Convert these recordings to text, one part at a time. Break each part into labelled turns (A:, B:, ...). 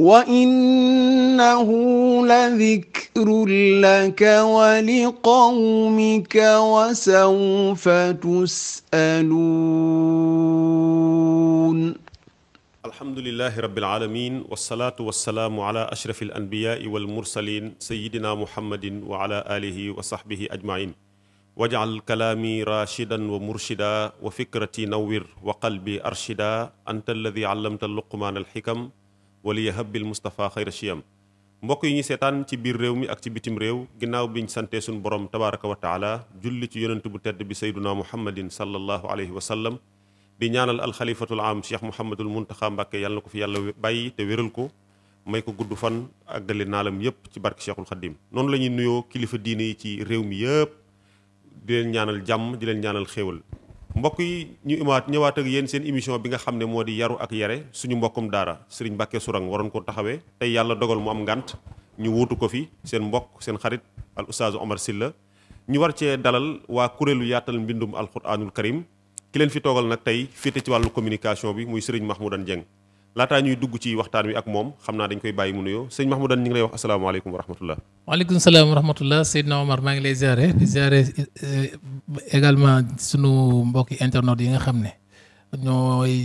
A: وإنه لذكر لك ولقومك وسوف تسألون
B: الحمد لله رب العالمين والصلاة والسلام على أشرف الأنبياء والمرسلين سيدنا محمد وعلى آله وصحبه أجمعين واجعل كلامي راشدا ومرشدا وفكرتي نور وقلبي أرشدا أنت الذي علمت اللقمان الحكم wala yahabil Moustapha xayra chiyam mbokk yi ñu seetaan ci biir réew mi ak ci bitim réew ginnaaw biñ santee suñu borom tabaraka wa taala julli ci yonent bu tedd bi sayduna muhammadin sallallahu alayhi wa sallam di ñaanal alxalifatul am cheikh Mouhamadul Mountakha Mbàkke yàlla na ko fi yàlla bàyyi te wéral ko may ko gudd fan ak dali naalam yëpp ci barke cheikhul xaddim noonu la ñuy nuyoo kilifa diine yi ci réew mi yëpp di leen ñaanal jàmm di leen ñaanal xéewal mbokk yi ñu imaat ñëwaat ak yéen seen émission bi nga xam ne moo di yaru ak yare suñu mbokkum daara Serigne Mbacké Sourang waroon ko taxawee tey yàlla dogal mu am ngànt ñu wuutu ko fi seen mbokk seen xarit al oustaz Omar Sylla ñu war cee dalal waa kuréelu yaatal mbindum alquranul karim ki leen fi toogal nag tey féete ci wàllu communication bi muy max Serigne Mahmoudane jeng laataa ñuy dugg ci waxtaan wi ak moom xam naa dañ koy bàyyi mu nuyoo sëñ Mahmoudane ñu ngi lay wax asalaamaaleykum wa rahmatullah.
C: waaleykum salaam wa rahmatullah Seydina Omar maa ngi lay ziare di eh, également sunu mbokki internet yi nga xam ne ñooy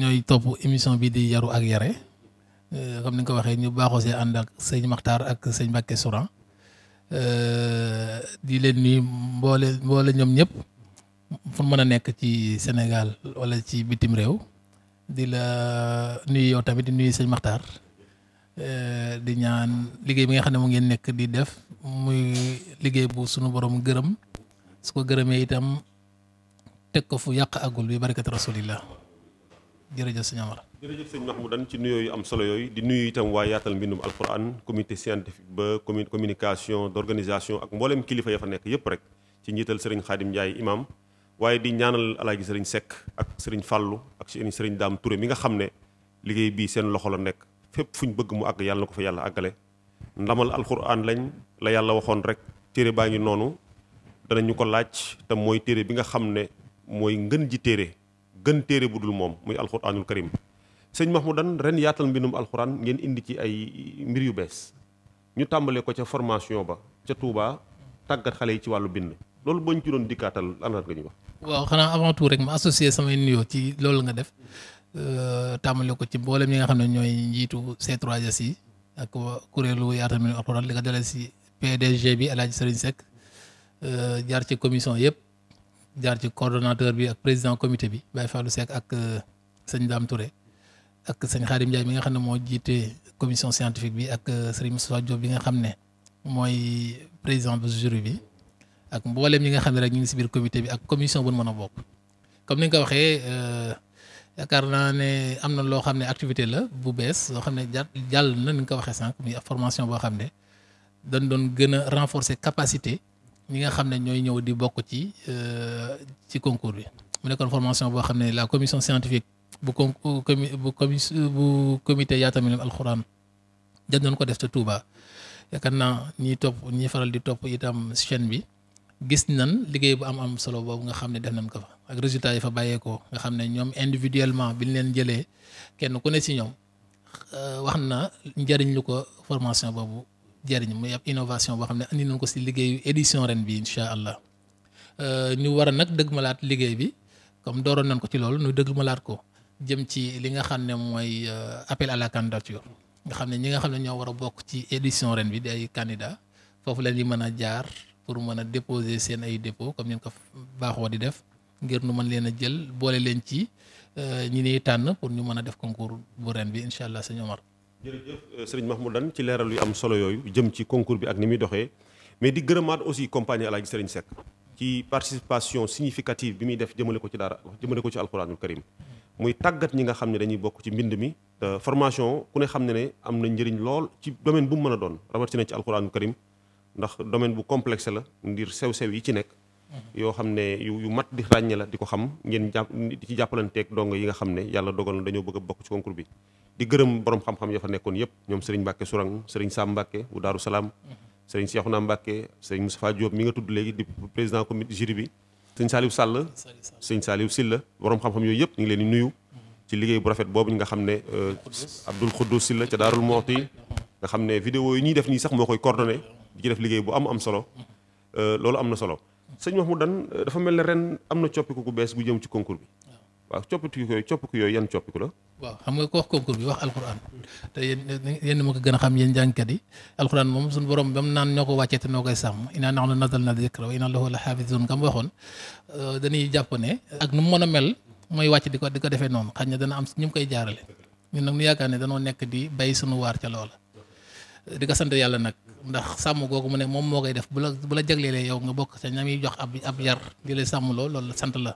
C: ñooy topp émission bii di yaru ak yare eh, comme ni nga ko waxee ñu baaxoo see ànd ak sëñ Makhtar ak sëñ Mbacke Souran eh, di leen nuyu mboole mboole ñoom ñëpp fu mën a nekk ci Sénégal walla ci bitim réew. di la nuyu yow tamit di nuyu sëñ Maxtaar eh, di ñaan liggéey bi nga xam ne mu ngeen nekk di def muy liggéey bu sunu borom gërëm su ko gërëmee itam teg ko fu yàq agul bi barakat rasulillah jërëjëf sëñ Amar.
B: jërëjëf sëñ Mahmoudan ci nuyoo yu am solo yooyu di nuyu itam waa yaatal mbindum alquran comité scientifique ba commun communication d' ak mboolem kilifa ya fa nekk yëpp rek ci njiital sëriñ Xaadim Ndiaye imam waaye di ñaanal alaaji sëriñ sekk ak sëriñ Fàllu ci ni sëriñ daam Touré mi nga xam ne liggéey bii seen loxo la nekk fépp ñu bëgg mu àgg yàlla na ko fa yàlla àggale ndamal alxuraan lañ la yàlla waxoon rek téere baa ngi noonu ñu ko laaj te mooy téere bi nga xam ne mooy ngën ji téere gën téere bu dul moom muy alxuraanul karim sëñ dan ren yaatal mbindum alxuraan ngeen indi ci ay mbir yu bees ñu tàmbalee ko ca formation ba ca Touba tàggat xale yi ci wàllu bind loolu boo ñu ci doon dikkaatal lan nga ñu wax.
C: waaw xanaa avant tout rek ma associé samay nuyoo ci loolu nga def euh, tàmbale ko ci mboolem mi nga xam ne ñooy njiitu c 3 si ak kuréelu yaatal mbirum alxuraan li ko dalee si PDG bi El Hadj Serigne Seck euh, jaar ci commission yëpp jaar ci coordonnateur bi ak président comité bi Baye Fallou Seck ak euh, sëñ Dame Touré ak sëñ Xaadim Ndiaye mi nga xam ne moo jiite commission scientifique bi ak Serigne Moussa bi nga xam ne mooy président bu jury bi. ak mbooleem ñi nga xam ne rek ñu ngi si biir comité bi ak commission bu mën a bokk comme ni nga ko waxee euh, yaakaar naa ne am na loo xam ne activité la bu bees loo xam ne jàll na ni nga ko waxee sànq muy formation boo xam ne dañ doon gën a renforcer capacité ñi nga xam ne ñooy ñëw di bokk ci euh, ci concours bi. mu nekkoon formation boo xam ne la commission scientifique bu con bu bu comité Yaatal Mbindum Alxuraan dañ doon ko def sa Touba yaakaar naa ñiy topp ñi faral di topp itam chaîne bi. gis nan liggéey bu am am solo boobu nga xam ne def nañ ko fa ak résultat yi fa bàyyeekoo nga xam ne ñoom individuellement bi ñu leen jëlee kenn ku ne si ñoom euh, wax na njariñ lu ko formation boobu jëriñ muy ab innovation boo xam ne indi nañ ko si liggéeyu édition ren bi incha allah euh, ñu war nag dëgg malaat liggéey bi comme dooroon nañ ko ci loolu ñu dëgg malaat ko jëm ci li nga xam ne mooy euh, appel à la candidature nga xam ne ñi nga xam ne ñoo war pour mën a déposer seen ay dépôt comme ñun ko baaxoo di def ngir nu mën leen a jël boole leen ci euh, ñi ni tànn pour ñu mën a def concours bu ren bi incha allah sëñ Omar.
B: jërëjëf euh, sëriñ Mahmoudane ci leeral yu am solo yooyu jëm ci concours bi ak ni muy doxee mais di gërëmaat aussi compagnie El Hadj Sëriñ Seck ci participation significative bi muy def jëmale ko ci daara jëmale ko ci alquranul karim muy tàggat ñi nga xam ne dañuy bokk ci mbind mi. formation ku a doon rawatina ndax domaine bu complexe la ngir sew-sew yi ci nekk yoo xam ne yu yu mat di ràññe la di ko xam ngeen jàpp di ci jàppalanteeg dong yi nga xam ne yàlla dogal na dañoo bëgg a bokk ci concours bi di gërëm borom xam-xam ya fa nekkoon yëpp ñoom sëriñ Mbàkke Sourang sëriñ Sam Mbàkke bu Daaru Salaam sëriñ Cheikhouna Mbàkke sëriñ Moustapha Diop mi nga tudd léegi di président comité jury bi sëñ Saliou Sall sëñ Saliou Silla borom xam-xam yooyu yëpp ñu ngi leen di nuyu ci liggéey bu rafet boobu nga xam ne euh, Abdoul Khoudous Silla ca Daarul Mooti nga xam ne vidéo yi ñuy def nii sax moo koy coordonné di ci def liggéey bu am am solo euh, loolu am na solo sëñ Mahmoudane euh, dafa mel ne ren am na coppiku gu bees gu jëm ci concours bi waaw coppiku yooyu coppiku yooyu yan coppiku la
C: waaw xam nga ko wax concours bi wax alquran te yéen yéen ma ko gën a xam yéen jàngkat yi alquran moom suñu borom ba naan ñoo ko wàccee te noo koy sàmm inaa naxnu nazzalna dikra wa inaa lahu la xaafisuun kam waxoon euh, dañuy jàpp ne ak nu mën a mel mooy wàcc di ko di ko defee noonu xaj na dana am ñu koy jaarale ñun ne danoo nekk di bay di sant yàlla nag ndax sàmm googu mu ne moom moo koy def bu la bu la jagleelee yow nga bokk sa ñam yi jox ab ab yar di la sàmm loo la sant la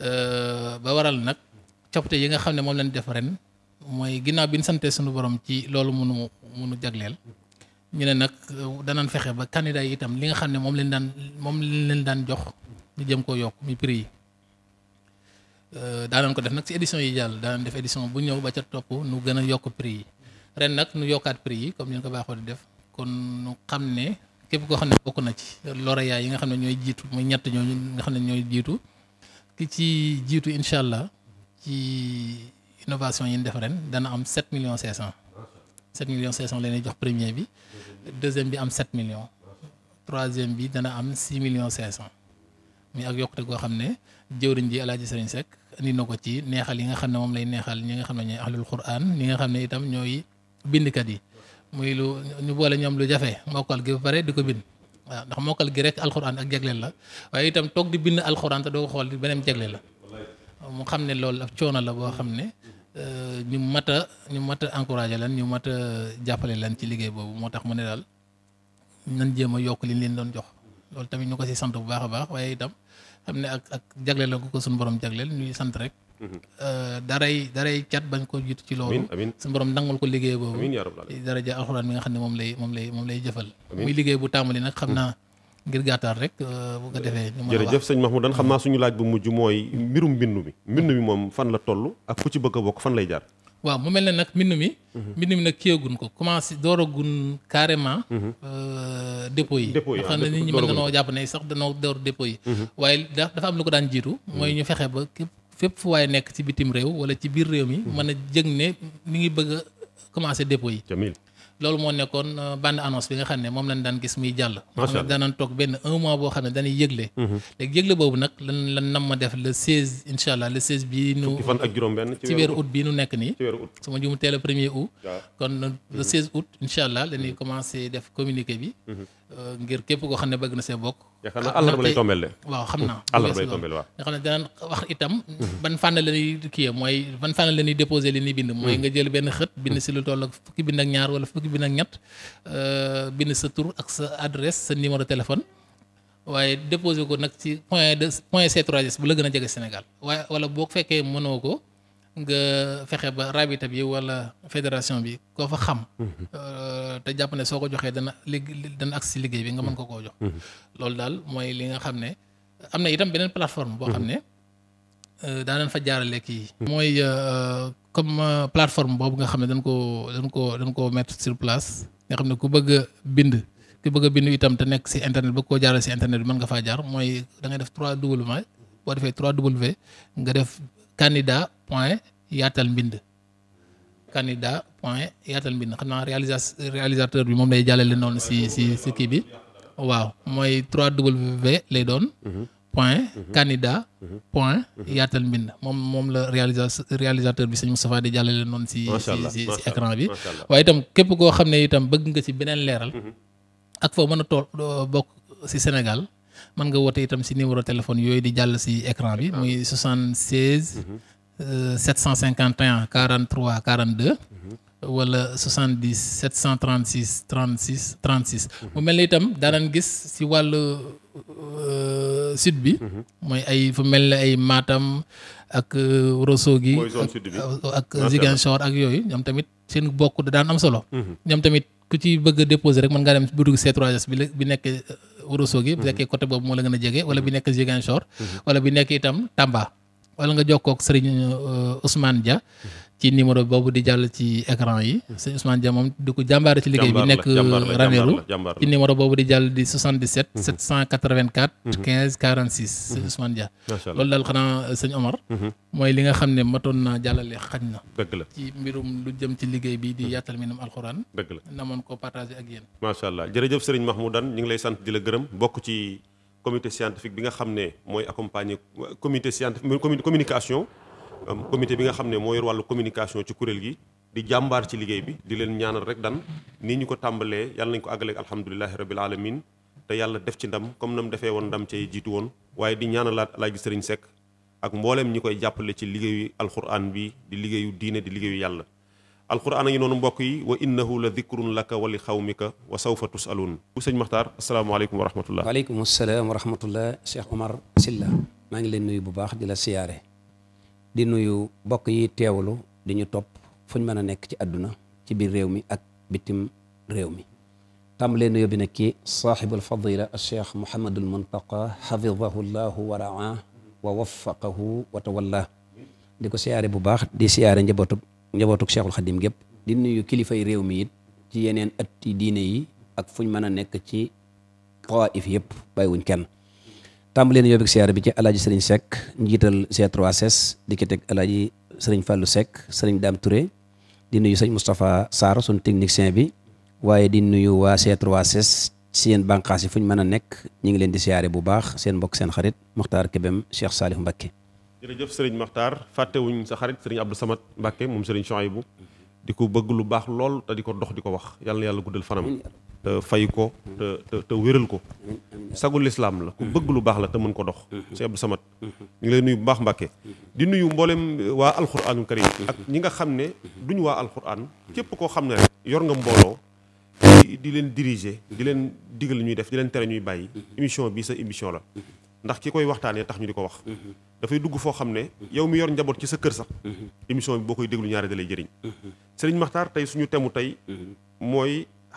C: euh, ba waral nag coppite yi nga xam ne moom lañ def ren mooy ginnaaw bi ñu suñu borom ci loolu munu munu jagleel ñu ne nag euh, danañ fexe ba candidat itam li nga xam ne moom leen daan moom leen daan jox ñu jëm koo yokk mi prix yi euh, daanañ ko def nag ci édition yi jàll daanañ def édition bu ñëw ba ca topp nu gën a yokk prix yi ren nag nu yokkaat prix yi comme ni ko baaxoo di def xam ne képp koo xam ne bokk na ci lauréat yi nga xam ne ñooy jiitu muy ñett ñooñu nga xam ne ñooy jiitu ci jiitu incha allah ci innovation yi ñu def ren dana am 7 millions 500 7 millions 500 la ñuy jox premier bi deuxième bi am 7 millions troisième bi dana am 6 millions 500 mais ak yokkute goo xam ne jëwriñ ji Alaaji Sëriñ na ko ci neexal yi nga xam ne moom lay neexal ñi nga xam ne ñooy ahlul quran ñi nga xam ne itam ñooy. bindkat yi muy lu ñu boole ñoom lu jafe mokkal gi ba pare di ko bind waaw ndax mokkal gi rek alxuraan ak jagleel la waaye itam toog di bind alxuraan te doo ko xool di beneen jagleel la mu xam ne loolu ab coono la boo xam ne euh, ñu mat a ñu mat a encouragé lan ñu mat a jàppale lan ci liggéey boobu moo tax mu ne daal nan jéem a yokk li leen doon jox loolu tamit ñu ko si sant bu baax a baax waaye itam xam ne ak ak jagleel la ko ko suñu borom jagleel ñuy sant rek Mhm. Euh, daray daray cat bañ ko jiitu ci loolu suñu borom nangul ko liggéey boobu daraja alxuraan mi nga xam ne moom lay moom lay moom lay jëfal muy liggéey bu tàmbali nag xam mhm. naa ngir gàttal rek euh, bu ko defee jërëjëf sëñ Mahmoudan xam
B: naa suñu laaj bu mujj mooy mbirum mbindu mi mbindu mi moom fan la toll ak ku ci bëgg a bokk fan lay jaar
C: waaw mu mel ne nag mbind mi mhm. mbind mi nag kiyagun ko commencé door agun carrément euh, dépôt yi nga xam ne nit ñi mën na noo jàpp ne sax danoo door dépôt yi waaye dafa am lu ko daan jiitu mooy ñu fexe ba képp fépp fu waaye nekk ci bitim réew wala ci biir réew mi hmm. mën a jëg ne mi ngi bëgg a commencé dépôt yi loolu moo nekkoon euh, bande annonce bi nga xam ne moom lañ daan gis muy jàll xam ne daanan toog benn un mois boo xam ne dañuy yëgle hmm. léegi yëgle boobu nag lan lan nam ma def le 16 incha allah le 16 bii nu benn ci weeru août bii nu nekk nii su ma juumtee le premier août kon le 16 hmm. août incha allah lañuy commencé def communiqué bi Euh, ngir képp koo xam ne bëgg na see bokk. yaakaar naa àllarba lay waaw xam naa àllarba lay nga xam ne danañ wax itam. ban fànn la ñuy kii mooy ban fànn la ñuy déposé li ñuy bind. mooy mm. nga jël benn xët bind mm. si lu toll ak fukki bind ak ñaar wala fukki bind ak ñett euh, bind sa tur ak sa adresse sa numéro téléphone. waaye déposé ko nag ci point de point c 3 bu la gën a jege Sénégal waaye wala boo fekkee mënoo ko. nga fexe ba rabita bi wala fédération bi koo fa xam. Mhm. te jàpp ne soo ko joxee dana liggéey dana agsi si liggéey bi nga mën ko koo jox. Mhm. loolu daal mooy li nga xam ne am na itam beneen plateforme. boo xam mhm. ne euh, daanañ fa jaarale kii. mooy euh, comme euh, plateforme boobu nga xam ne dañ koo dañ koo dañ koo mettre sur place nga xam ne ku bëgg a bind. ku bëgg bind itam te nekk si internet ba koo jaaral si internet bi mën nga faa jaar mooy da ngay def 3W boo defee 3W nga def. candidat point yaatal mbind candidat point yaatal mbind xam naa réalisa réalisateur bi moom lay jàllale noonu si si si kii bi waaw mooy 3W lay doon. Mhm. point mhm. candidat mhm. point yaatal mbind moom moom la réalisateur bi sëñ Moustapha di jàllale noonu si si si écran bi waaye itam képp koo xam ne itam bëgg nga ci beneen leeral ak foo mën a tool bokk si Sénégal mën nga woote itam si numéro téléphone yooyu di jàll si écran bi muy 76. 751 43 42. wala 70 736 36 36. mu mel ni itam daan gis si wàll euh, sud bi. Mhm. mooy ay fu mel ni ay maatam ak euh, Rosso gi. ak ah, Ziguinchor ak yooyu ñoom tamit seen bokk da daan am solo. Mhm. ñoom tamit. ku ci bëgg déposé rek mën nga dem bu dugg C3S bi bi nekk euh, Ourossogui bi nekkee mhm. côté boobu moo la gën a jege wala bi nekk Ziguinchor mhm. wala bi nekk itam Tamba wala nga jokkoo ak Serigne euh, Ousmane Dia mhm. ci numéro boobu di jàll ci écran yi hmm. sëñ Ousmane Dia moom di ko jàmbaare ci liggéey bi nekk euh, Ranérou ci numéro boobu di jàll di 77 784 15 46 sëñ Ousmane Dia loolu daal xanaa euh, sëñ Omar hmm. mooy li nga xam ne matoon naa jàllale xaj na dëgg la ci mbirum lu jëm ci liggéey bi di hmm. yaatal minam alxuraan dëgg la namoon ko partagé ak yéen
B: macha allah jërëjëf sëriñ Mahmoudane ñu ngi lay sant di la gërëm bokk ci comité scientifique bi nga xam ne mooy accompagner comité scientifique communication comité bi nga xam ne moo yor wàllu communication ci kuréel gi di jàmbaar ci liggéey bi di leen ñaanal rek dan ni ñu ko tàmbalee yàlla nañu ko àggaleeg alhamdulilahi rabil alamin te yàlla def ci ndam comme na mu defee woon ndam cay jiitu woon waaye di ñaanalaat alaaji sëriñ Seck ak mbooleem ñi koy jàppale ci liggéeyu alquran bi di liggéeyu diine di liggéeyu yàlla alquran a ngi noonu mbokk yi wa innahu la dikrun laka wa li xawmika wa sawfa tusaluun bu sëñ Maxtaar asalaamaaleykum wa rahmatullah
D: waaleykum asalaam wa rahmatullah Cheikh Omar Silla maa ngi leen bu baax di la siyaare di nuyu bokk yi teewlu di ñu topp fuñ mën a nekk ci àdduna ci biir réew mi ak bitim réew mi tàmbalee nuyoo bi nag kii saaxibul fadila cheikh Mouhamadul Muntaqa xafidahu llahu wa raa wa waffaqahu wa tawalla di ko siyaare bu baax di siyaare njabootug njabootug cheikhul xadim gépp di nuyu kilifay réew mi it ci yeneen atti diine yi ak fuñ mën a nekk ci taif yëpp bàyyiwuñ kenn tàmbali leen yóbbu siyaare bi ci alaaji sëriñ Seck njiital c 3 di ki teg alaaji sëriñ Fallou Seck sëriñ Dame Touré di nuyu sëñ Moustapha Sarr suñ technicien bi waaye di nuyu waa c 3 si seen bànqaas yi fu ñu mën a nekk ñu ngi leen di siyaare bu baax seen mbokk seen xarit Makhtar Kébem Cheikh Salif Mbacké
B: jërëjëf sëriñ Makhtar fàttewuñ sa xarit sëriñ Abdou Samad Mbacké moom sëriñ Chouaïbou di ko bëgg lu baax lool te di ko di ko wax yàlla te fay ko te te wéral ko sagul lislaam la ku bëgg lu baax la te mën ko dox Cheikh Abdou Samad ñu leen lay nuyu bu baax Mbàkke di nuyu mbooleem eh, waa alxuraanul karim ak ñi nga xam ne duñu waa alxuraan képp koo xam ne yor nga mbooloo di leen diriger di leen digal ñuy def di leen tere ñuy bàyyi émission bi sa émission la ndax ki koy waxtaanee tax ñu di ko wax dafay dugg foo xam ne yow mi yor njaboot ci sa kër sax émission bi boo koy déglu ñaari da lay jëriñ Serigne Makhtar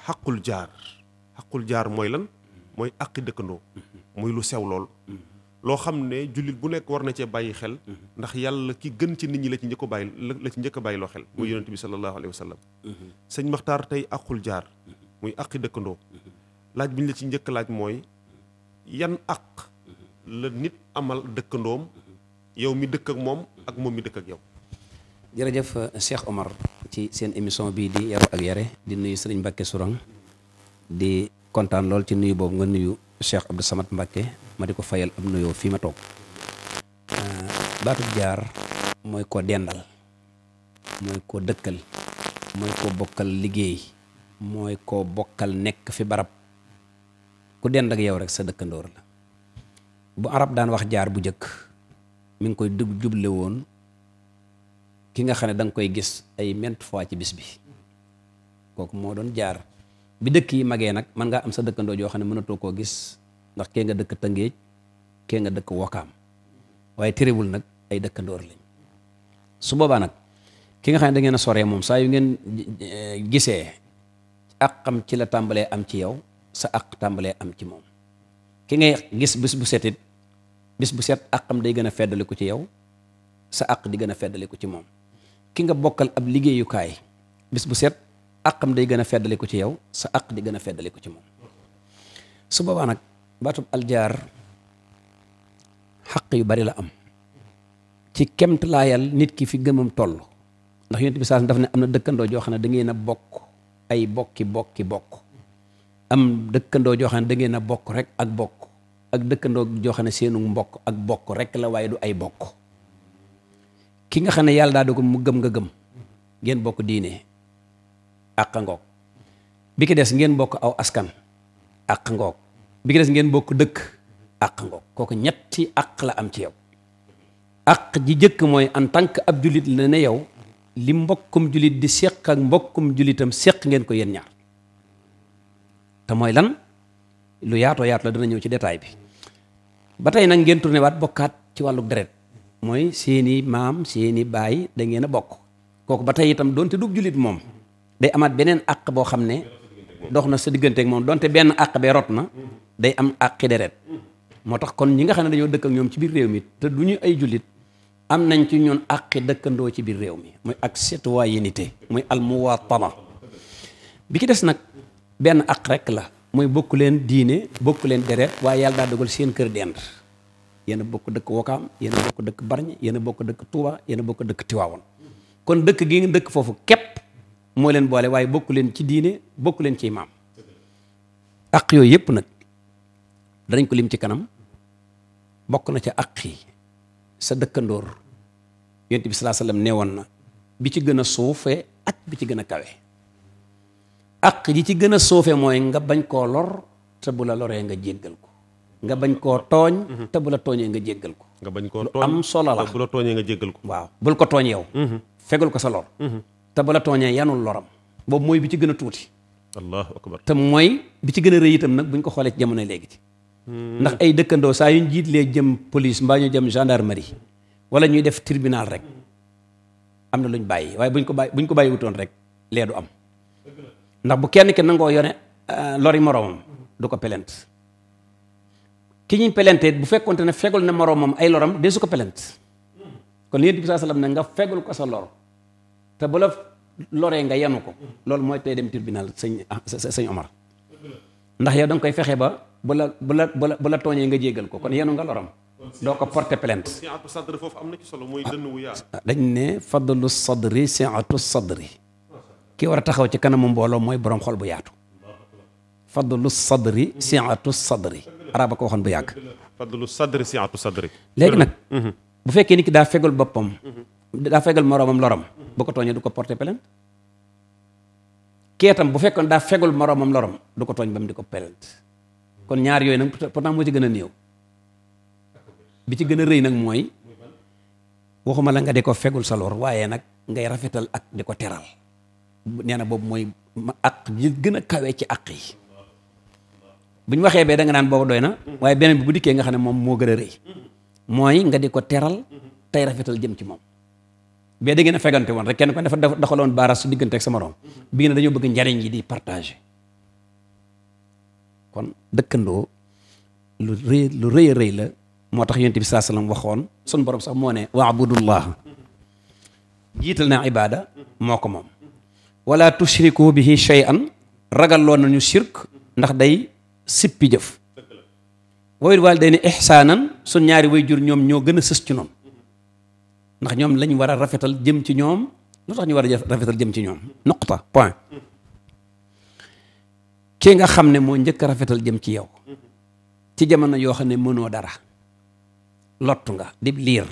B: xaqul jaar xaqul jaar mooy lan mooy aqi dëkkandoo muy lu sew lool loo xam ne jullit bu nekk war na cee bàyyi xel ndax yàlla ki gën ci nit ñi la ci njëkk a bàyyi la ci njëkk a loo xel muy yonent bi sallallahu alayhi wa sallam maxtaar tey aqul jaar muy aqi dëkkandoo laaj bi ñu la ci njëkk laaj mooy yan aq la nit amal dëkkandoom yow mi dëkk ak moom ak
D: moom mi dëkk ak yow jërëjëf Cheikh ci seen émission bii di yaru ak yare di nuyu sëriñ Mbacke Sourang di kontaan lool ci nuyu boobu nga nuyu Cheikh Abdou Samad Mbacke ma di ko fayal am nuyoo fii ma toog euh, baatu jaar mooy ko dendal mooy ko dëkkal mooy ko bokkal liggéey mooy ko bokkal nekk fi barab ku dend ak yow rek sa dëkkandoor la bu arab daan wax jaar bu njëkk mu ngi koy dug juble woon ki nga xam ne da nga koy gis ay maintes fois ci bis bi kooku moo doon jaar bi dëkk yi magee nag mën ngaa am sa dëkkandoo joo xam ne mënatoo koo gis ndax kee nga dëkk Tëngéej kee nga dëkk Wokaam waaye terewul nag ay dëkkandoor lañ su boobaa nag ki nga xam ne da ngeen a soree moom saa yu ngeen eh, gisee ak xam ci la tàmbalee am ci yow sa ak tàmbalee am ci moom ki ngay gis bis bu setit bis bu set ak xam day gën a feddaliku ci yow sa ak di gën a feddaliku ci moom ki nga bokkal ab liggéeyukaay bis bu set àqam day gën a feddali ko ci yow sa àq di gën a feddali ko ci moom su boobaa nag baatub aljaar xaq yu bari la am ci kemt laayal nit ki fi gëmam toll ndax yonent bi saas daf ne am na dëkkandoo joo xam ne da ngeen a bokk ay bokki bokki bokk am dëkkandoo joo xam ne a bokk rek ak bokk ak dëkkandoo joo xam seenu mbokk ak bokk rek la waaye du ay bokk ki nga xam ne yàlla daa dogal mu gëm nga gëm ngeen bokk diine àq ngoog bi ki des ngeen bokk aw askan àq ngoog bi des ngeen bokk dëkk àq ngoog kooku ñetti àq la am ci yow àq ji jëkk mooy en tant que ab jullit la ne yow li mbokkum jullit di séq ak mbokkum jullitam séq ngeen ko yéen ñaar te mooy lan lu yaatoo yaatu la dana ñëw ci détail bi ba tey nag ngeen tourné waat bokkaat ci wàllu deret mooy seeni maam seeni baay da ngeen a bokk kooku ba tey itam donte du jullit moom day amaat beneen àq boo xam ne dox na sa digganteek moom donte benn àq bee rot na day am àqi deret moo tax kon ñi nga xam ne dañoo dëkk ak ñoom ci biir réew mi te du ñu ay jullit am nañ ci ñun àqi dëkkandoo ci biir réew mi mooy ak citoyenneté muy almuwatana bi ki des nag benn àq rek la mooy bokk leen diine bokk leen deret waaye yàlla daa dogal seen kër dend yéen a bokk dëkk Wakaam yéen a bokk dëkk Bargny yéen a bokk dëkk Touba yéen a bokk dëkk Tiwaawoon kon dëkk gi ngeen dëkk foofu képp moo leen boole waaye bokku leen ci diine bokku leen ci maam ak yooyu yëpp nag danañ ko lim ci kanam bokk na ca aq yi sa dëkkandoor yonent bi salaa sallam nee woon na bi ci gën a suufee ak bi ci gën a kawe aq yi ci gën a suufee mooy nga bañ koo lor te bu la loree nga jéggal ko nga bañ koo tooñ te bu la tooñee nga jéggal ko nga bañ koo tooñ am solo la bu la tooñee nga jéggal ko waaw bul ko tooñ yow mm-hmm. fegal ko sa lor mm-hmm. te bu la tooñee yanul loram boobu mooy bi ci gën a tuuti allahu akbar te mooy bi ci gën a rëy itam nag buñ ko xoolee ci jamono léegi ci mm-hmm. ndax ay dëkkandoo saa yuñ jiitlee jëm police mbaa ñu jëm gendarmerie wala ñuy def tribunal rek am na luñ bàyyi waaye bu ko bàyyi buñ ko bàyyi wutoon rek lee du am ndax bu kenn ki nangoo yone euh, lori moroomam ki ñuy pelente bu fekkonte ne fegul na moroomam ay loram dee su ko pelente kon li Yonent bi sallam ne nga fegul ko sa lor te bu la loree nga yenu ko loolu mooy tey dem tribunal ah, sañ sëñ Omar ndax yow danga koy fexe ba ba la bu la bu la bu tooñee nga jégal ko kon yenu nga loram doo ko porter plainte foofu am na solo mooy dënn wu ah, ah, dañ ne fadlu sadri siatu sadri kii war a taxaw ci kanamu mbooloo mooy boroom xol bu yaatu fadlu sadri siatu sadri araba ko waxoon bu yàgg
B: fadlu sadri siatu sadri nag
D: mhm. bu fekkee nit ki daa fegal boppam mhm. daa fegal moroomam lorom bu ko tooñee du ko porte plainte kee tam bu fekkoon daa fegal moroomam lorom du ko tooñ ba mu di ko plainte kon ñaar yooyu nag pourtant moo ci gën a néew bi ci gën a rëy nag mooy waxuma la nga di ko fegul sa waaye nag ngay rafetal ak di ko teral nee na boobu mooy ak ji gën a kawe ci àq yi bu ñu waxee bee danga naan boobu doy na waaye beneen bi bu dikkee nga xam ne moom moo gën a rëy mooy nga di ko teral tey rafetal jëm ci moom bee da ngeen a fegante woon rek kenn ko dafa doxaloon baaraas su diggante ak sama morom bii na dañoo bëgg njariñ yi di partager kon dëkkandoo lu rëy lu rëy rëy la moo tax yonent bi saa sallam waxoon sun borom sax moo ne waabudullah jiital naa ibaada moo ko moom wala tushriku bihi shay'an ragal loon nañu shirk ndax day sippi jëf wayit waal day ne ixsaanan sun ñaari way jur ñoom ñoo gën a sës ci noonu ndax ñoom lañ war a rafetal jëm ci ñoom lu ñu war a rafetal jëm ci ñoom noqta point ki nga xam ne moo njëkk a rafetal jëm ci yow ci jamono yoo xam ne mënoo dara lottu nga di liir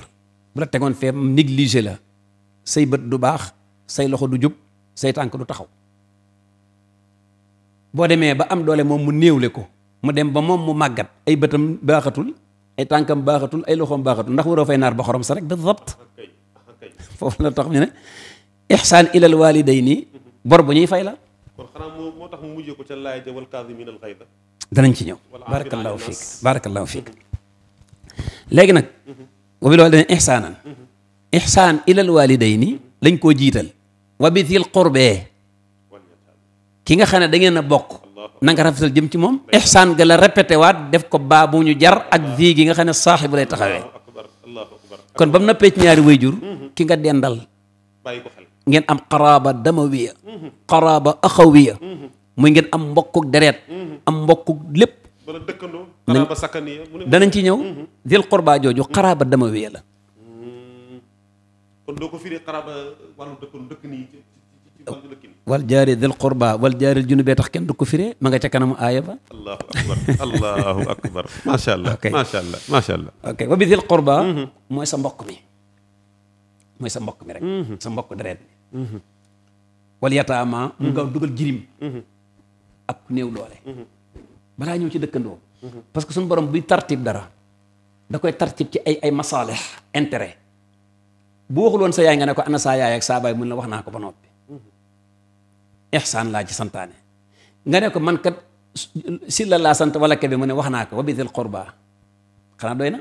D: bu la tegoon fee négligé la say bët du baax say loxo du jub say tànk du taxaw boo demee ba am doole moom mu néewle ko mu dem ba moom mu màggat ay bëtam baaxatul ay tànkam baaxatul ay loxoom baaxatul ndax waroo fay naar ba xorom sa rek bidabt foofu la tax ñu ne ihsaan ilal walidayni bor bu ñuy fay la kon
B: moo tax mu mujjee ko ca laay ja wal kaazimiina al
D: danañ ci ñëw barakallahu fiik barakallahu fiik léegi nag wa bil walidayni ihsaanan ihsaan ilal walidayni lañ koo jiital wa bi dhil qurbee ki nga xam ne dangeen ngeen a bokk na nga rafetal jëm ci moom ihsaan ga la répété waat def ko baa bu ñu jar ak vii gi nga xam ne saaxibu lay taxawee kon ba mu noppee ci ñaari wayjur mm-hmm. ki nga dendal ngeen am xaraaba damawiya xaraaba mm-hmm. axawiya mm-hmm. muy ngeen am mbokkuk deret am mbokkuk lépp danañ ci ñëw dil xurba jooju xaraaba damawiya la
B: kon
D: wal jaari dil qurba wal jaaril junubee tax kenn du ko firee ma nga ca kanamu aaya ba allahu akbar allahu akbar macha allah macha allah ok wa bi dil qurba mhm. mooy sa mbokk mi mooy sa mbokk mi rek mhm. sa mbokk deret mi mhm. wal yataama mu nga dugal jirim ak ku néew doole balaa ñëw ci dëkkandoo parce que suñu borom buy tartib dara da koy tartib ci ay ay masaalix intérêt bu waxul sa yaay nga ne ko ana saa yaay ak saa mun la wax naa ko ba noppi ihsaan laa ci santaane nga ne ko man kat si la laa sant wala kebe mu ne wax naa ko wa bidil qurba xanaa doy na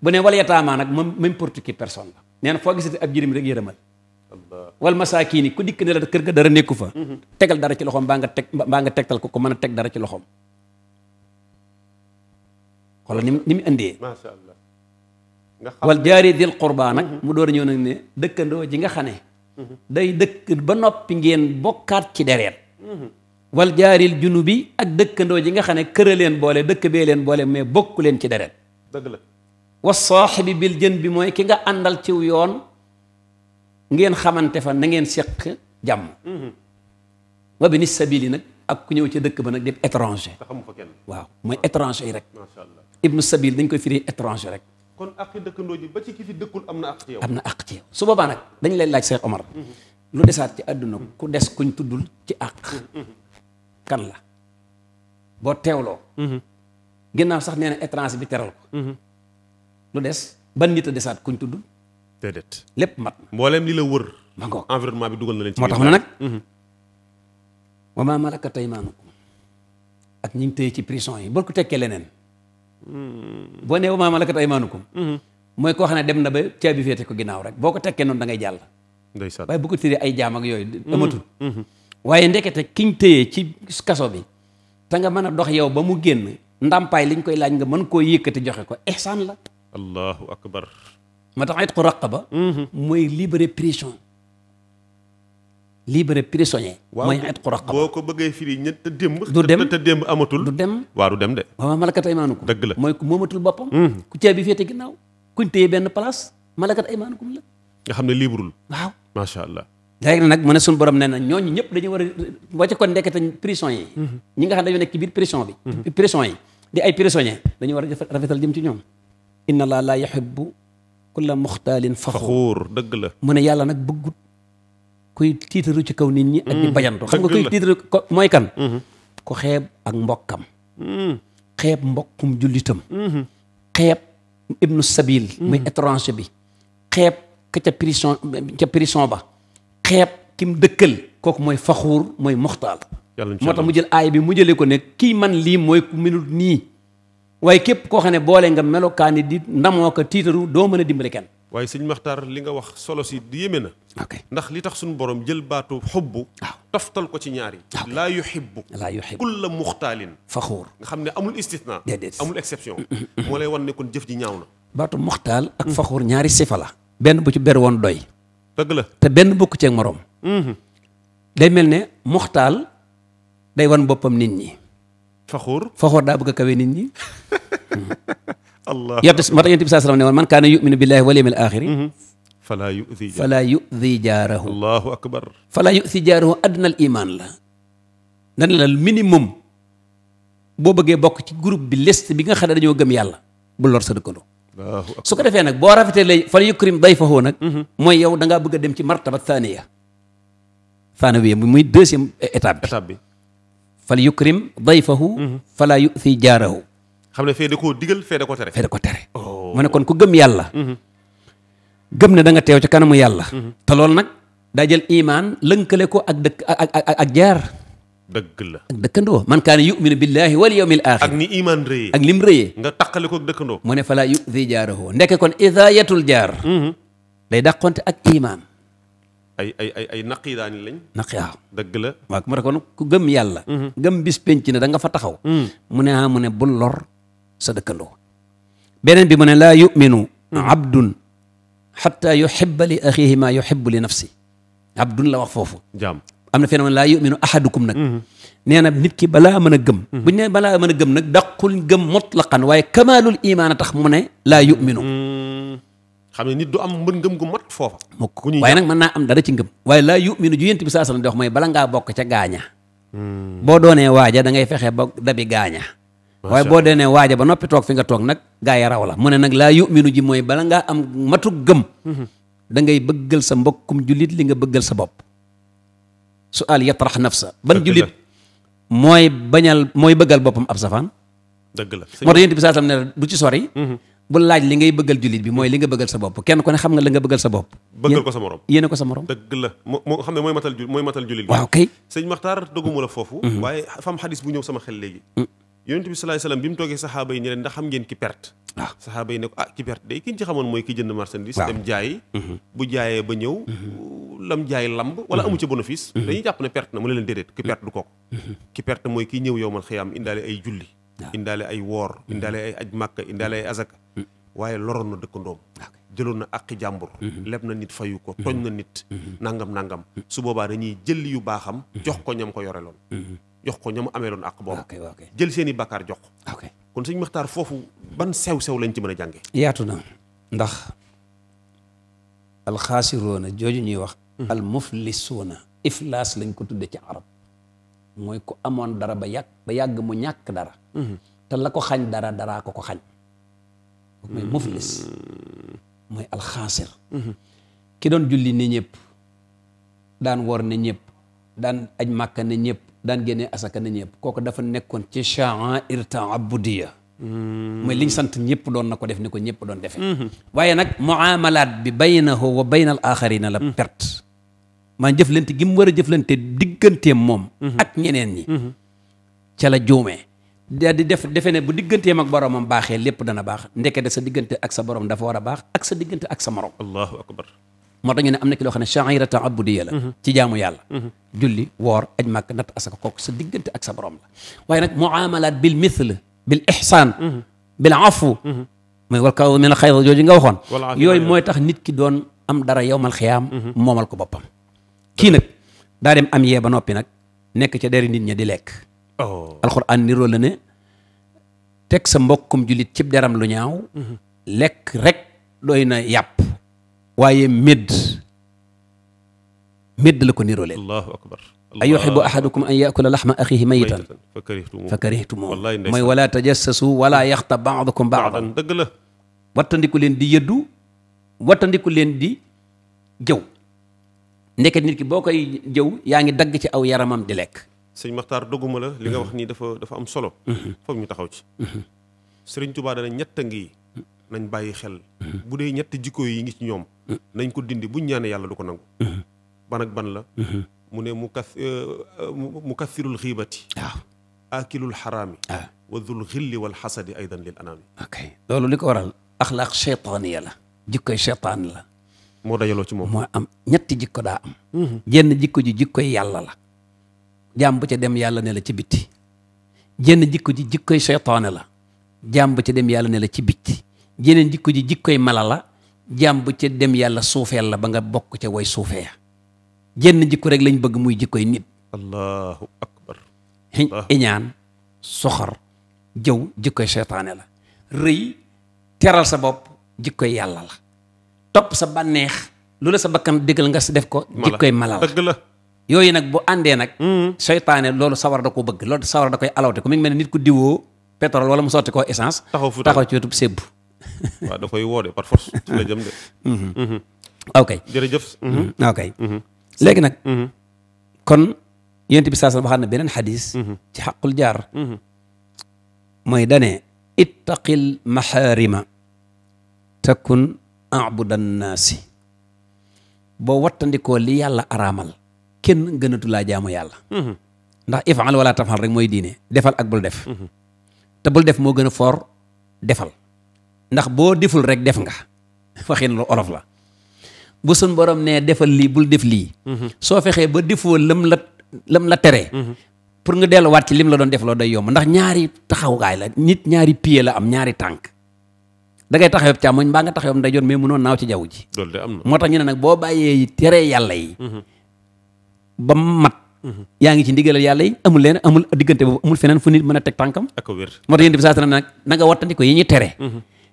D: bu ne wala yataamaa nag moom même pour kii personne la nee na foo gisati ab jirim rek yërëmal wal masaakiini ku dikk ne la kër ga dara nekku fa mhm. tegal dara ci loxoom mbaa nga teg mbaa nga tegtal ko ko mën a teg dara ci loxoom xoolal ni ni mu indee
E: macha allah wal jaari dil qurba nag mhm. mu
D: door a ñëw nag ne dëkkandoo ji nga xam ne day dëkk ba noppi ngeen bokkaat ci dereet wal jaaril bi ak dëkkandoo ji nga xam ne këra leen boole dëkk bee leen boole mais bokku leen ci dereet dëgg la wa saaxibi bil jën bi mooy ki nga àndal ciw yoon ngeen xamante fa na ngeen seq jàmm wa bi ni sabili nag ak ku ñëw ci dëkk ba nag di étranger waaw mooy étranger rek ibnu sabil dañ koy firi étranger rek
B: kon àqi dëkkandoo ji ba ci ki fi dëkkul am na àq ci yow. am na àq ci
D: su boobaa nag dañ lay laaj Cheikh Omar. lu desaat ci àdduna ku des kuñ tuddul ci àq. kan la boo teewloo. ginnaaw sax nee na étranger bi teral ko. lu des ban nit a desaat kuñ tuddul. lépp
B: mat na. mbooleem li la wër. ma ngoog environnement bi dugal na leen ci. moo tax na nag. Mhm.
D: wa maa malakat aymaanukum ak ñi ngi ci prison yi boo ko tekkee leneen. boo nee wa maa malakat ko mooy koo xam ne dem na ba caabi féete ko ginnaaw rek boo ko tekkee noonu da ngay jàll ndeysaan waaye bu ko tëree ay jaam ak yooyu mm-hmm. amatul mm-hmm. waaye ndekete kiñ tëyee ci kaso bi te nga mën a dox yow ba mu génn ndàmpaay liñ koy laaj nga mën koo yëkkati joxe ko ihsaan la
B: allahu akbar
D: ma tax it ko raqaba mm-hmm. mooy libéré pression libéré prisonnier. mooy et xuraq boo ko bëggee firi ñett te démb.
B: du dem du dem. waaw du dem de. waaw dëgg la mooy ku
D: moomatul boppam. Hmm. ku caabi féete ginnaaw kuñ téye benn place malakat aymaanukum la. nga xam ne librul. waaw macha allah. léegi nag mu ne suñu borom nee na ñooñu ñëpp dañu war a wàcce kon prison yi. Hmm. ñi nga xam dañoo nekk ci biir prison hmm. bi. prison yi di ay prisonniers dañu war a rafetal jëm ci ñoom. inna allah la yuhibbu kulla muxtaalin faxuur kuy tiitaru ci kaw nit ñi. ak di mm-hmm. bajantu xam nga kuy tiitaru ko mooy kan. Mm-hmm. ku xeeb ak mbokkam. Mm-hmm. xeeb mbokkum jullitam. xeeb ibnu sabil. muy étranger bi. xeeb ka ca prison ba. xeeb kim dëkkal. kooku mooy faxuur mooy moxtaal. moo tax mu jël aay bi mu jëlee ko ne kii man lii mooy ku minut nii. waaye képp koo xam ne boole nga melokaani di ndamoo ko tiitaru doo mën a dimbali kenn.
B: waaye sëñ Maxtaar li nga wax solo si yéeme na. ndax li tax suñu boroom jël baatu xubbu. Ah. toftal ko ci ñaar yi. Ah, laa yu laa yuhibbu kulla muxtaalin. faxuur nga xam ne amul istisna. amul exception. Mm, mm, mm, moo lay wan ne kon jëf ji ñaaw na.
D: baatu muxtaal ak faxuur ñaari sifa la. benn bu ci ber woon doy. dëgg la te benn bokk ceeg moroom mm-hmm. day mel ne muxtaal day wan boppam nit ñi. faxuur faxuur daa bëgg a kawe nit ñi. allah yàpp moo tax yonent bi saa sallam ne woon man kaana yuminu billahi wal yawmil axiri mhm. falaa yu'zi falaa jaarahu allahu akbar la dana la minimum boo bëggee bokk ci group bi liste bi nga xam ne dañoo gëm yàlla bu lor sa dëkkandoo su ko defee nag boo rafetee lay fal yukrim dayfahu nag mhm. mooy yow da ngaa bëgg a dem ci martaba thaniya thanawiya bi muy deuxième étape bi étape bi fal yukrim dayfahu mhm. falaa yu'zi jaarahu xam ne fee da koo digal ko tere. fee ko tere. Oh. ma kon ku gëm yàlla. Mm-hmm. gëm ne danga nga teew ci kanamu yàlla. Mm-hmm. te loolu nag daa jël imaan lënkale ko ak dëkk ak ak ak la ak dëkkandoo man kaana yuminu billahi wal yawmil axir ak ni imaan rëyee ak lim rëyee nga taqale ko ak dëkkandoo mu ne falaa yu'di jaarahu ndeke kon idaayatul jaar mm-hmm. day dàqonte ak imaan
B: ay ay ay naqi daani lañ naqi waaw dëgg la
D: waaw mu ne kon ku gëm yàlla gëm bis ne da fa taxaw mm. mu ne ah mu sa dëkkandoo beneen bi mu ne laa yuminu hmm. abdun xatta yuhibba li axihi maa yuhibbu li nafsi abdun la wax foofu jaam am na phénomène laa yuminu ahadukum nag hmm. nee na nit ki bala mën a gëm hmm. buñ ne balaa mën a gëm nag daqul gëm mutlaqan waaye kamaalul imaan a tax mu ne laa yuminu xam ne nit du am mën ngëm gu mat foofa mukk waaye nag mën naa am dara ci ngëm waaye laa yuminu ju yent bi saa sallam di mooy bala ngaa bokk ca gaaña boo doonee waaja dangay ngay fexe ba dabi gaaña waaye boo dee ne waaja ba noppi toog fi nga toog nag gaa ya raw la mu ne nag laa yuminu ji mooy bala ngaa am matuk gëm mhm. da ngay bëggal sa mbokkum jullit li nga bëggal sa bopp su al yatrax nafsa sa jullit mooy bañal mooy bëggal boppam ab safaan dëgg la moo tax yonent bi saatam ne du ci sori mhm. bu laaj li ngay bëggal jullit bi mooy li nga bëggal sa bopp kenn ku ne xam nga la nga bëggal sa bopp bëggal ko sa morom ko sa morom
B: dëgg la moo xam ne mooy matal mooy matal jullit bi waaw kay sëñ Maxtaar doguma la foofu mhm. waaye fam xadis bu ñëw sama xel léegi mm. yonent bi salaay salaam bi mu toogee saxaaba yi ne leen ndax xam ngeen ki perte waaw ah. saxaaba yi ne ko ah ki perte day ki ñu ci xamoon mooy ki jënd marchandise dem jaay mm-hmm. bu jaayee ba ñëw mm-hmm. lam jaay lamb wala mm-hmm. amu ci bénéfice dañuy jàpp ne perte na mu ne leen déedéet ki perte du kooku ki perte mooy ki ñëw yowmal xiyaam indaale ay julli indaale ay woor indaale ay aj màkka indaale ay azaka waaye loroon na dëkkandoom jëloon na àqi jàmbur leb na nit fayu ko toñ na nit nangam nangam su boobaa dañuy jël yu baaxam jox ko ñam ko yore loon jox ko ña mu amee loon àq boobu jël seeni i jox ko kon sëñ Maxtaar foofu ban
D: sew-sew lañ ci mën a jànge yaatu na ndax alxaasiroona jooju ñuy wax hmm. al muflisuuna iflaas lañ ko tudde ci arab mooy ku amoon dara ba yàgg ba yàgg mu ñàkk dara hmm. te la ko xañ dara daraa ko ko xañ mooy hmm. muflis mooy alxaasir ki doon julli ne ñëpp daan woor ne ñëpp daan aj màkka ne ñëpp daan génnee asaka na ñëpp kooku dafa nekkoon ci sha'air ta'abudiya mooy liñ sant ñëpp doon na ko def ni ko ñëpp doon defee mhm. waaye nag muamalaat bi baynahu wa bayna al axarina la mhm. perte maa jëflante gi mu war a jëflante digganteem moom mhm. ak ñeneen ñi ca la juumee da di def defe ne bu digganteem ak boromam baaxee lépp dana baax ndeke de sa diggante ak sa borom dafa war a baax ak sa diggante ak sa morom moo tax ñu ne am na ci loo ne chaira taabudiya la mhm. ci yàlla mhm. julli woor aj màkk natt asaka kooku sa diggante sa borom la waaye nag muamalaat bil mithl bil ihsaan mhm. bil afu mooy wal kaw min xayr jooju nga waxoon yooyu mooy tax nit ki doon am dara yowmal xiyaam moomal ko boppam kii nag daa am yee ba noppi nag nekk ca der nit ña di lekk oh. alxuraan niroo la ne teg sa mbokkum jullit cib deram lu ñaaw lekk rek doy na yàpp waaye medd médd la ko nirooleel allahu akbar ayuxibu ahadukum an yakula laxma axihi mayitan fa karihtumuh mooy wala tajassasu wala yaxta baadukum baadan dëgg la wattandiku leen di yëddu wattandiku leen di jëw ndeket nit ki boo koy jëw yaa ngi dagg ci aw yaramam di lekk sëñ
B: Maxtaar dogguma la li nga mhm. wax nii dafa dafa am solo mhm. foog ñu taxaw ci mhm. sëriñ Tuubaa dana ñett a ngi nañ bàyyi xel. Mhm. bu dee ñetti jikko yi ngi ñoom. Mhm. nañ ko dindi ñu ñaanee yàlla du ko nangu. Mhm. ban ban la. mu ne euh, euh, mu kas mu kassirul xiibati. waaw aakilul xaraami. waaw ah. wa zul xilli wal xasadi aydan lil anaami. ok
D: waral. axlaaq cheytaaniya la. jikkoy cheytaan la. moo dajaloo ci moom. moo am ñetti jikko daa am. jenn jikko ji jikkoy yàlla la. jaam bu ca dem yàlla ne la ci bitti. jenn jikko ji jikkoy cheytaane la. jaam bu ca dem yàlla ne la ci bitti. jeneen jikko ji jikkoy mala la jaam bu ca dem yàlla suufeel la ba nga bokk ca way suufee jenn jikko rek lañ bëgg muy jikkoy nit allahu akbar iñaan soxor jëw jikkoy seytaane la rëy teral sa bopp jikkoy yàlla la topp sa bànneex lu la sa bakkan déggal nga si def ko jikkoy mala la dëgg la yooyu nag bu àndee nag mm. seytaane loolu sawar da ko bëgg loolu sawar da koy alawte ko mi ngi mel ne nit ku diwoo pétrole wala mu sotti ko essence taxaw ci wetu sébbu waaw da koy woode par force mhm. Mhm. ok jërëjëf. Mhm. nag. kon yonent bi saa sa waxaat na beneen xadis. ci xaqul jaar. mooy dane ittaqil maxaarima. takun abudan naasi. boo wattandikoo li yàlla araamal. kenn gënatu laa jaamu yàlla. ndax ifal wala tafal rek mooy diine defal ak bul def. te bul def moo gën a foor defal. ndax boo deful rek def nga waxin lu olof la bu sun borom nee defal lii bul def lii mhm. soo fexee ba defoo lam la lam la teree mhm. pour nga delluwaat ci lim la doon def loo day yomb ndax ñaari taxawukaay la nit ñaari pied la am ñaari tànk da ngay taxaw yëpp càmmoñ mbaa nga taxaw yëpp ndeyjoor naaw ci jaww ji loolu am moo tax ñu ne nag boo bàyyee tere yàlla yi mhm. ba mat yaa ngi ci ndigalal yàlla yi amul leen amul diggante boobu amul feneen fu nit mën a teg tànkam ak wér moo tax yéen bi saa nag na nga wattandi ko yi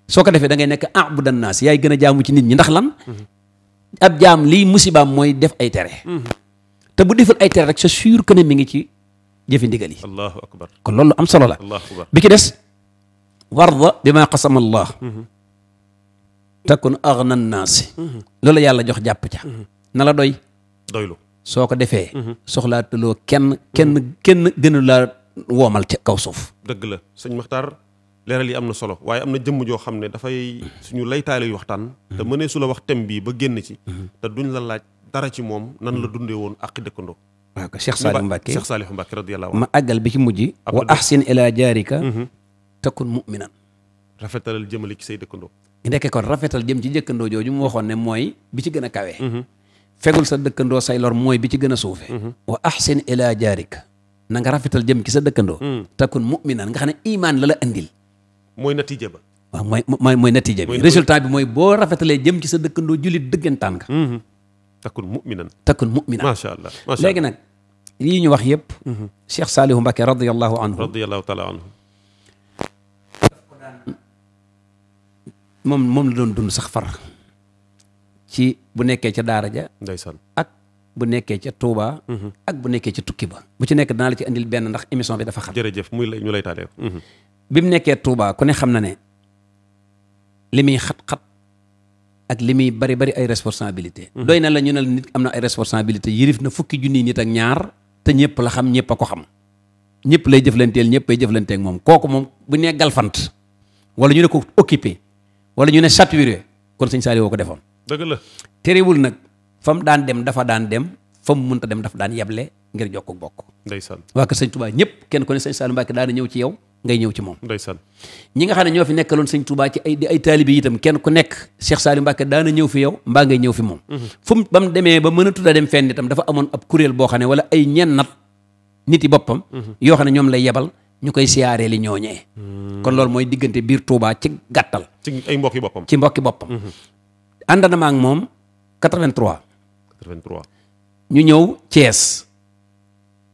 D: soo ko defee da ngay nekk abudan naas yaay gën a jaamu ci nit ñi ndax lan ab jaam lii musibaam mooy def ay tere te bu deful ay tere rek c'est sûr que ne mi ngi ci jëfi ndigal yi allahu akbar loolu am solo la bi ki des warda bi ma qasama allah takun agna naasi loolu yàlla jox jàpp ca na la doy doylu soo ko defee mhm. soxlaatuloo kenn kenn kenn gënu laa woomal ca kaw suuf
B: dëgg la sëñ Maxtaar leeral yi am na solo waaye am na jëmm joo xam ne dafay suñu laytaale lay waxtaan te mënee su la wax tem bii ba génn ci te duñ la laaj dara ci moom nan la dundee woon ak dëkkandoo waaw ko Cheikh Saliou Mbacké Cheikh Saliou Mbacké radiyallahu anhu ma
D: àggal bi ci mujj wa ahsin ila jaarika mhm. takun mu'minan rafetalal jëmale ci sa dëkkandoo ndekke kon rafetal jëm ci jëkkandoo jooju mu ne mooy bi ci gën a kawee mhm. fegul sa dëkkandoo say lor mooy bi ci gën a suufe mhm. wa ahsin ila jaarika na nga rafetal jëm ci sa dëkkandoo takun mu'minan nga xam ne imaan la la mooy natiija ba waaw mooy mooy mooy natiija bi résultat bi mooy boo rafetalee jëm ci sa dëkkandoo jullit dëggantaan nga mm-hmm. takkun muminan takkun muminan macha allah léegi nag lii ñu wax yépp mm-hmm. Cheikh Saalihu Mbacke radiallahu anhu
B: radiallahu taala anhu
D: moom la doon dund sax far ci bu nekkee ca daara ja ndeysaan ak bu nekkee ca Touba. Mm-hmm. ak bu nekkee ca tukki ba bu ci nekk danaa la ci andil benn ndax émission bi dafa xam jërëjëf muy ñu lay taalee bi mu nekkee Touba ku ne xam na ne li muy xat-xat ak li muy bari bari ay responsabilité mhm. doy na la ñu ne la nit am na ay responsabilité yirif na fukki junni nit ak ñaar te ñëpp la xam ñëpp a ko xam ñëpp lay jëflanteel ñëpp ay jëflanteeg moom kooku moom bu nee fant wala ñu ne ko occupé wala ñu ne saturé kon sëñ Saliou woo ko defoon. dëgg terewul nag fa daan dem dafa daan dem fa mu mënta dem daf daan yeble ngir jokk ak bokk. ndeysaan waa kër sëñ Touba ñëpp kenn ku ne sëñ Saliou Mbacke daan ñëw ci yow ngay ñëw ci moom. ndeysaan ñi nga xam ne ñoo fi nekkaloon sëñ Touba ci ay ay taalibe itam kenn ku nekk Cheikh Saliou Mbacke daan ñëw fi yow mbaa ngay ñëw fi moom. Mhm. fu mu ba mu demee ba mënatu a dem fenn itam dafa amoon ab kuréel boo xam ne wala ay ñennat nit yi boppam. Mhm. yoo xam ne ñoom la yebal. ñu koy siyaaree li ñooñee. Hmm. kon loolu mooy diggante biir tuubaa ci gàttal. ci ay mbokki boppam ci mbokki boppam. Mhm. ànd na ma ak moom 83. 83 ñu ñëw Thiès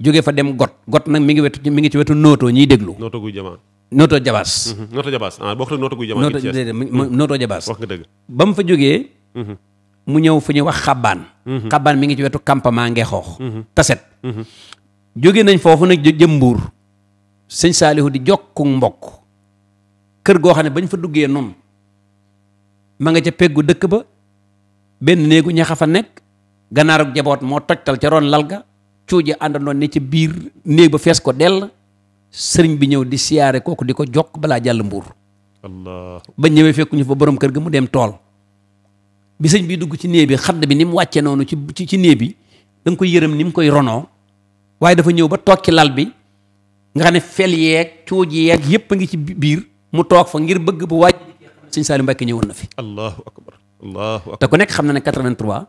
D: jóge fa dem got got nag mi ngi wetu mi ngi ci wetu nootoo ñiy déglu. nootoo guy jamaa nootoo jabaas. nootoo jabaas ah bokkul nootoo guy jamaa. nootoo jabaas wax ba mu fa jógee. Mhm. mu ñëw fu ñuy wax xabaan. Mhm. xabaan mi ngi ci wetu campement Ngexoox. Mhm. taset. jóge nañ foofu nag jëm Mbuur. sëñ Saalihu di jokku mbokk. kër goo xam ne bañ fa duggee noonu. ma nga ca peggu dëkk ba. benn néegu ñaxa fa nekk. gannaarug jaboot moo tojtal ca roon lal ga ànd àndandoon ne ci biir néeg ba fees ko dell sëriñ bi ñëw di siyaare kooku di ko jokk balaa jàll mbuur ba ñëwee fekkuñu ñu fa borom kër gi mu dem tool bi sëñ bi dugg ci néeg bi xadd bi ni mu wàcce noonu ci ci ci néeg bi da nga koy yërëm ni mu koy ronoo waaye dafa ñëw ba toog ci lal bi nga xam ne fel yeeg cuuj yeeg yépp a ngi ci biir mu toog fa ngir bëgg bu wàcc sëñ Saliou Mbacke ñëwoon na fi allahu akbar allahu te ku nekk xam na ne 83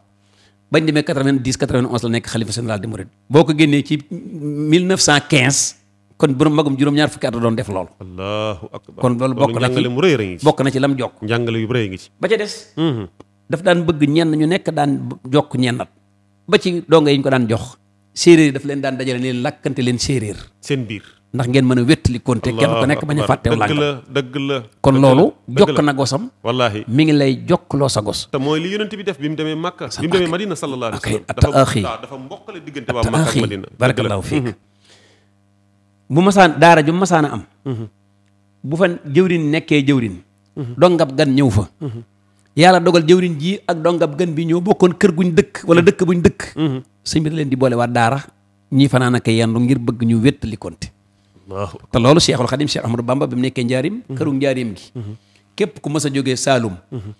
D: bañ demee 90 91 la nekk xalifa général des mourides boo ko génnee ci mille 1915 kon borom magum juróom-ñaar fukki at doon def lool. allahu akbar kon loolu bokk na ci bokk na ci lam jokk. njàngale yu rëy ngi ci. ba ca des. Mhm. daf daan bëgg ñenn ñu nekk daan jokk ñennat ba ci donga yi ñu ko daan jox séeréer yi daf leen daan dajale ne lakkante leen séeréer. seen biir. ndax ngeen mën a wéttali konte kenn ku nekk bañ a fàttew làng dëgg la kon loolu jokk na gosam wallaahi mi ngi lay jokkloo sa gos te mooy
B: li yonent bi def bi mu demee Makka bi mu demee Madina sallallahu alayhi wa sallam at axi dafa mbokkale diggante waa Makka ak Madina barakallahu fiik mhm.
D: bu masaan daara ju masaan a am mhm. bu fa jëwrin nekkee jëwrin mhm. dongab gan ñëw fa yàlla dogal jëwrin jii ak dongab gan bi ñëw bokkoon kër gu guñ dëkk wala dëkk bu ñu dëkk sëñ bi da leen di boole waa daara ñii fanaan ak yendu ngir bëgg ñu wéttali konte te loolu Cheikhul Khadim Cheikh Ahmadou Bamba bi mu nekkee njaarim mhm. këru njaarim gi mhm. képp ku mës a jógee Saalum mhm.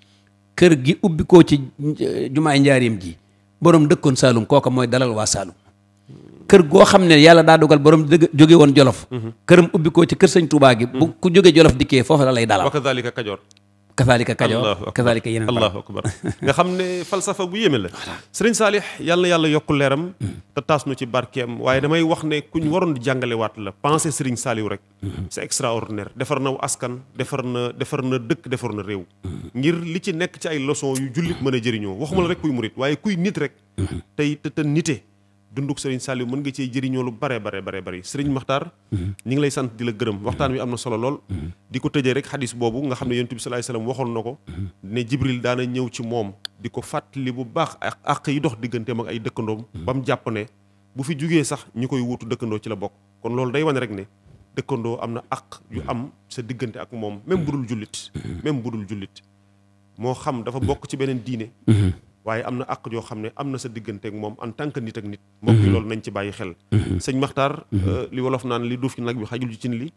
D: kër gi ubbi koo ci jumaay njaarim ji borom dëkkoon Saalum kooka mooy dalal waa Saalum kër goo xam ne yàlla daa dogal borom dëgg jóge woon Jolof këram ubbi koo ci kër sëñ Touba bu ku jóge Jolof dikkee foofa la lay dalal kazaalika Kajoor kazaalika yeneen allahu akbar nga xam ne falsafa
B: bu yéeme la sëriñ Saalix yàlla yàlla yokku leeram te nu ci barkeem waaye hmm. damay wax ne ku ñu waroon di jàngalewaat la pensée sëriñ Saalix rek hmm. c'est extraordinaire defar na askan defar na defar na dëkk defar na réew hmm. ngir li ci nekk ci ay leçon yu jullit mën a jëriñoo waxuma la rek kuy murit waaye kuy nit rek tey te te nite dunduk sëriñ Saliou mën nga cee jëriñoo lu bare bare bare bëri sëriñ Maxtaar ñi ngi lay sant di la gërëm waxtaan wi am na solo lool mhm. di ko tëjee rek xadis boobu nga xam ne yonent bi sallallahu alayhi wasallam waxoon na ko mhm. ne Jibril daana ñëw ci moom di ko fàttali bu baax ak àq yi dox digganteem ak ay dëkkandoom mhm. ba mu jàpp ne bu fi jugee sax ñi koy wuutu dëkkandoo ci la bokk kon loolu day wane rek ne dëkkandoo am na àq yu am sa diggante ak moom même budul jullit même budul jullit moo xam dafa bokk ci beneen diine waaye am na àq yoo xam ne am na sa digganteek moom en tant que nit ak nit mbokk mhm. loolu nañ ci bàyyi xel mhm. sañ Maxtaar mhm. euh, li wolof naan li duuf ci nag bi xajul ci li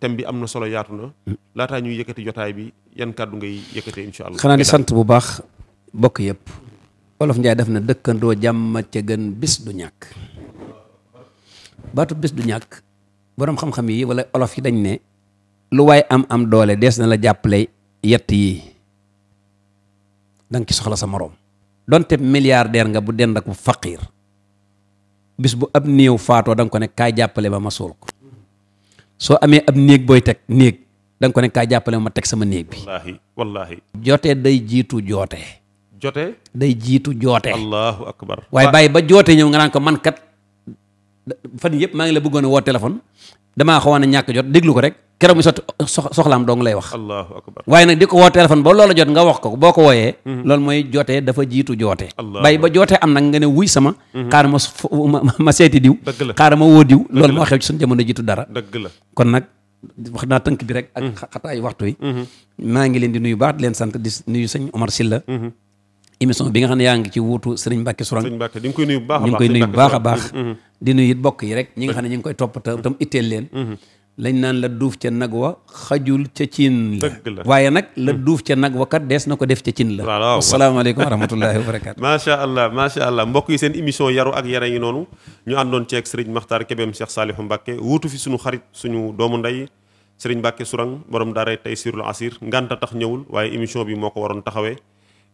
B: thème bi am na solo yaatu laataa ñuy yëkkati jotaay bi yan kàddu ngay yëkkatee incha allah xanaa di sant bu
D: baax bokk yëpp wolof Njaay def na dëkkandoo jàmm ca gën bis du ñàkk baatu bis du ñàkk boroom xam-xam yi wala olof yi dañ ne lu waaye am am doole dees na la jàppale yett yi danga ki soxla sa moroom donte milliardaire nga bu dend ak bu faqiir bis bu ab néew faatoo da ko ne kaay jàppale ba ma suul ko soo amee ab néeg booy teg néeg da ko ne kaay jàppale ma teg sama néeg bi. wallaahi wallaahi. jotee day jiitu joote. jotee. day jiitu joote. allahu akbar. waaye bàyyi ba joote ñëw nga naan ko man kat fan yëpp maa ngi la bëggoon a woo téléphone damaa xawoon a ñàkk jot déglu ko rek keroog mi sotti soxlaam dong lay wax allahu akbar waaye nag di ko woo téléphone ba loola jot nga wax ko boo ko wooyee mhm. loolu mooy jootee dafa jiitu jootee bàyyi ba jootee am nag nga ne wuy sama mhm. xaar ma ma seeti diw xaar ma woo diw loolu moo xew ci suñu jamono jiitu dara dëgg la kon nag wax naa tënk bi rek ak mhm. xataay waxtu yi maa ngi leen di nuyu baax di leen sant di nuyu sëñ Omar Sylla émission bi nga xam ne yaa ngi ci wuutu sëriñ Mbacke Sourang sëriñ di nuyu mbokk yi rek ñi nga xam ne ñu ngi koy toppatoo tam itteel leen lañ naan la duuf ca nag wa xajul ca cin la waaye nag la hmm. duuf ca nag wa kat dees na ko def ca cin la waaw asalaamaaleykum wa rahmatullahi wa barakaatu
B: macha allah macha allah mbokk yi seen émission yaru ak yare ngi noonu ñu àndoon ceeg sëriñ maxtaar kebeem Cheikh Saliou Mbacke wuutu fi suñu xarit suñu doomu ndey sëriñ Mbacke Sourang borom daaray tey sirul asir ngànta tax ñëwul waaye émission bi moo ko waroon taxawe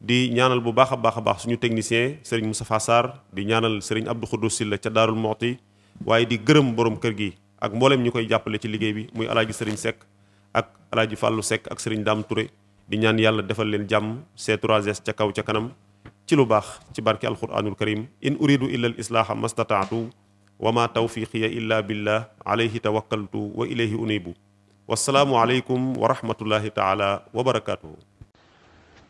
B: di ñaanal bu baax a baax a baax suñu technicien Serigne Moustapha Sarr di ñaanal Serigne Abdou Khoudous Silla ca Daarul Moxti waaye di gërëm boroom kër gi ak mboolem ñu koy jàppale ci liggéey bi muy alaaji Serigne Seck ak alaaji Fallou sekk ak Serigne daam Touré di ñaan yàlla defal leen jàmm c ca kaw ca kanam ci lu baax ci barke alquranul karim in uridu illa al islaaha mastataatu wa ma tawfiqiya illa billah alayhi tawakkaltu wa ilayhi unibu wasalaamu aleykum wa rahmatullahi taala wa
A: barakatuhu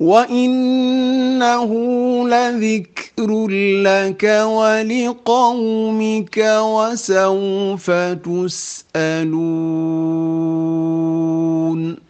A: وإنه لذكر لك ولقومك وسوف تسألون